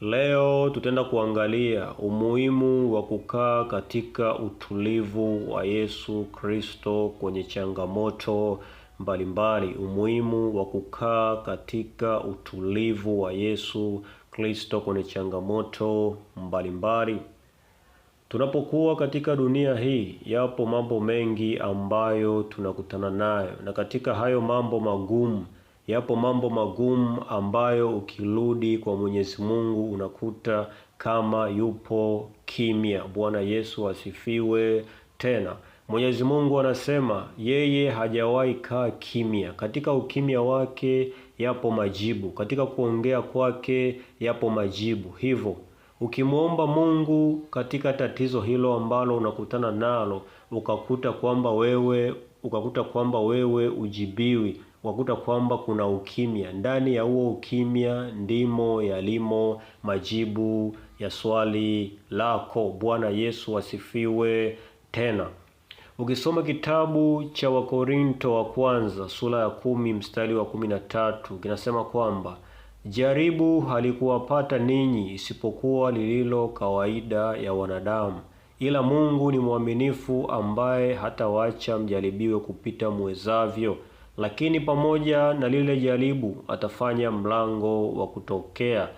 Leo tutaenda kuangalia umuhimu wa kukaa katika utulivu wa Yesu Kristo kwenye changamoto mbalimbali mbali. Umuhimu wa kukaa katika utulivu wa Yesu Kristo kwenye changamoto mbalimbali mbali. Tunapokuwa katika dunia hii, yapo mambo mengi ambayo tunakutana nayo, na katika hayo mambo magumu Yapo mambo magumu ambayo ukirudi kwa Mwenyezi Mungu unakuta kama yupo kimya. Bwana Yesu asifiwe. Tena Mwenyezi Mungu anasema yeye hajawahi kaa kimya. Katika ukimya wake yapo majibu, katika kuongea kwake yapo majibu. Hivyo ukimwomba Mungu katika tatizo hilo ambalo unakutana nalo, ukakuta kwamba wewe ukakuta kwamba wewe ujibiwi wakuta kwamba kuna ukimya. Ndani ya huo ukimya ndimo yalimo majibu ya swali lako. Bwana Yesu asifiwe tena. Ukisoma kitabu cha Wakorinto wa kwanza sura ya kumi mstari wa kumi na tatu kinasema kwamba jaribu halikuwapata ninyi isipokuwa lililo kawaida ya wanadamu, ila Mungu ni mwaminifu, ambaye hatawacha mjaribiwe kupita mwezavyo lakini pamoja na lile jaribu atafanya mlango wa kutokea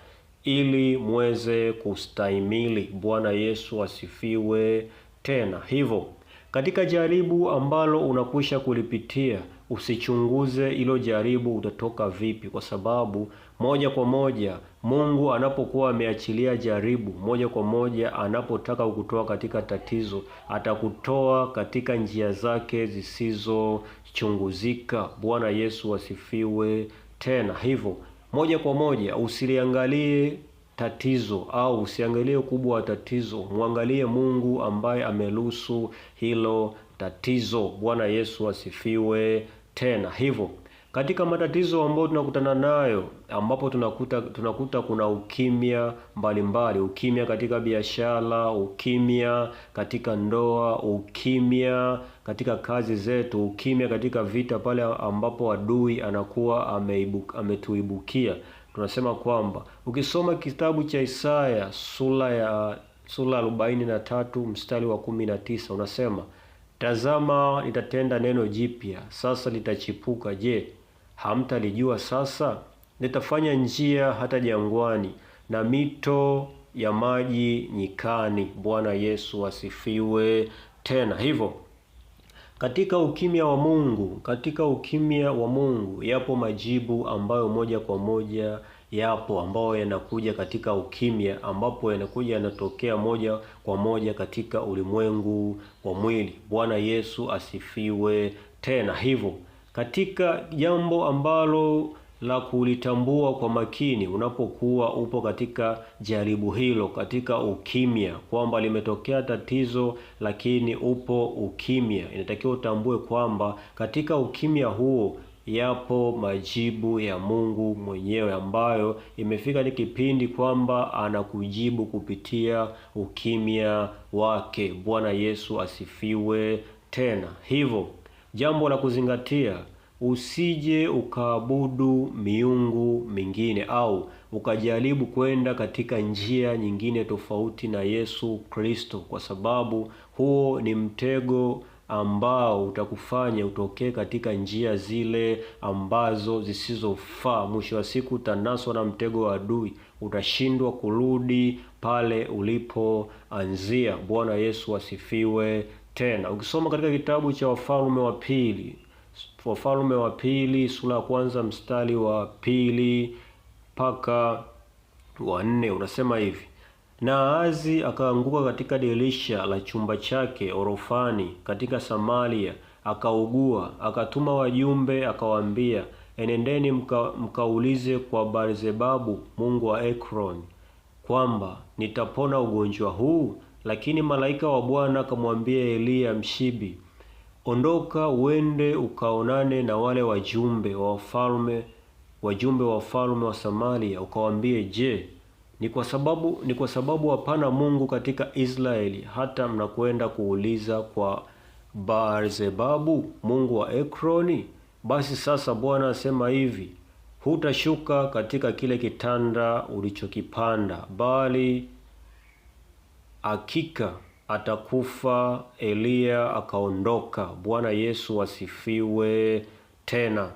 ili muweze kustahimili. Bwana Yesu asifiwe tena hivyo katika jaribu ambalo unakwisha kulipitia, usichunguze ilo jaribu utatoka vipi, kwa sababu moja kwa moja Mungu anapokuwa ameachilia jaribu, moja kwa moja anapotaka kukutoa katika tatizo, atakutoa katika njia zake zisizochunguzika. Bwana Yesu asifiwe. Tena hivyo moja kwa moja usiliangalie tatizo au usiangalie ukubwa wa tatizo, mwangalie Mungu ambaye amelusu hilo tatizo. Bwana Yesu asifiwe. Tena hivyo katika matatizo ambayo tunakutana nayo, ambapo tunakuta tunakuta kuna ukimya mbalimbali, ukimya katika biashara, ukimya katika ndoa, ukimya katika kazi zetu, ukimya katika vita, pale ambapo adui anakuwa ameibuka, ametuibukia tunasema kwamba ukisoma kitabu cha Isaya sura ya sura tatu mstari wa 19 unasema, tazama nitatenda neno jipya, sasa litachipuka, je, hamtalijua? Sasa nitafanya njia hata jangwani na mito ya maji nyikani. Bwana Yesu asifiwe tena hivyo katika ukimya wa Mungu, katika ukimya wa Mungu yapo majibu ambayo moja kwa moja yapo ambayo yanakuja katika ukimya, ambapo yanakuja yanatokea moja kwa moja katika ulimwengu wa mwili. Bwana Yesu asifiwe. Tena hivyo katika jambo ambalo la kulitambua kwa makini unapokuwa upo katika jaribu hilo, katika ukimya, kwamba limetokea tatizo lakini upo ukimya. Inatakiwa utambue kwamba katika ukimya huo yapo majibu ya Mungu mwenyewe ambayo imefika ni kipindi kwamba anakujibu kupitia ukimya wake. Bwana Yesu asifiwe tena. Hivyo jambo la kuzingatia usije ukaabudu miungu mingine au ukajaribu kwenda katika njia nyingine tofauti na Yesu Kristo, kwa sababu huo ni mtego ambao utakufanya utokee katika njia zile ambazo zisizofaa. Mwisho wa siku utanaswa na mtego wa adui, utashindwa kurudi pale ulipoanzia. Bwana Yesu asifiwe. Tena ukisoma katika kitabu cha Wafalme wa Pili wafalume wa pili sura ya kwanza mstari wa pili mpaka wa nne unasema hivi: Naazi akaanguka katika dirisha la chumba chake orofani katika Samaria, akaugua. Akatuma wajumbe akawaambia, enendeni mka, mkaulize kwa Barzebabu mungu wa Ekroni kwamba nitapona ugonjwa huu. Lakini malaika wa Bwana akamwambia Eliya mshibi Ondoka uende ukaonane na wale wajumbe wa wafalme wajumbe wa wafalme wa Samaria, ukawaambie, je, ni kwa sababu ni kwa sababu hapana Mungu katika Israeli hata mnakwenda kuuliza kwa Baal-zebabu mungu wa Ekroni? Basi sasa Bwana asema hivi, hutashuka katika kile kitanda ulichokipanda, bali hakika atakufa. Eliya akaondoka. Bwana Yesu asifiwe. Tena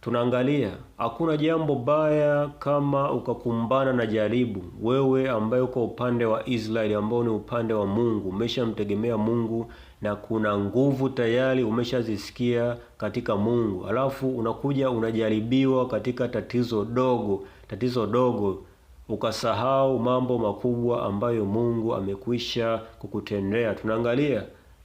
tunaangalia hakuna jambo baya kama ukakumbana na jaribu. Wewe ambaye uko upande wa Israeli, ambao ni upande wa Mungu, umeshamtegemea Mungu na kuna nguvu tayari umeshazisikia katika Mungu, alafu unakuja unajaribiwa katika tatizo dogo, tatizo dogo ukasahau mambo makubwa ambayo Mungu amekwisha kukutendea. Tunaangalia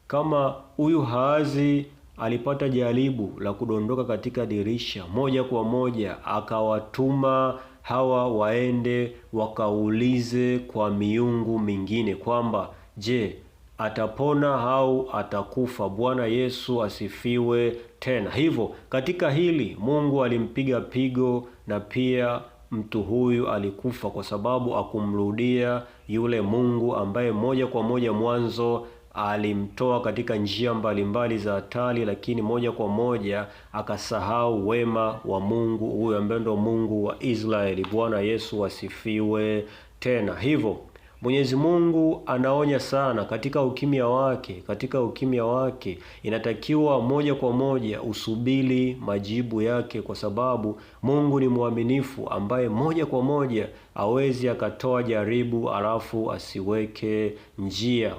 kama huyu Haazi alipata jaribu la kudondoka katika dirisha moja kwa moja, akawatuma hawa waende wakaulize kwa miungu mingine kwamba je, atapona au atakufa? Bwana Yesu asifiwe tena. Hivyo katika hili Mungu alimpiga pigo na pia mtu huyu alikufa kwa sababu akumrudia yule Mungu ambaye moja kwa moja mwanzo alimtoa katika njia mbalimbali za hatari, lakini moja kwa moja akasahau wema wa Mungu huyu ambaye ndo Mungu wa Israeli. Bwana Yesu asifiwe tena hivyo Mwenyezi Mungu anaonya sana katika ukimya wake, katika ukimya wake inatakiwa moja kwa moja usubiri majibu yake, kwa sababu Mungu ni mwaminifu ambaye moja kwa moja awezi akatoa jaribu alafu asiweke njia.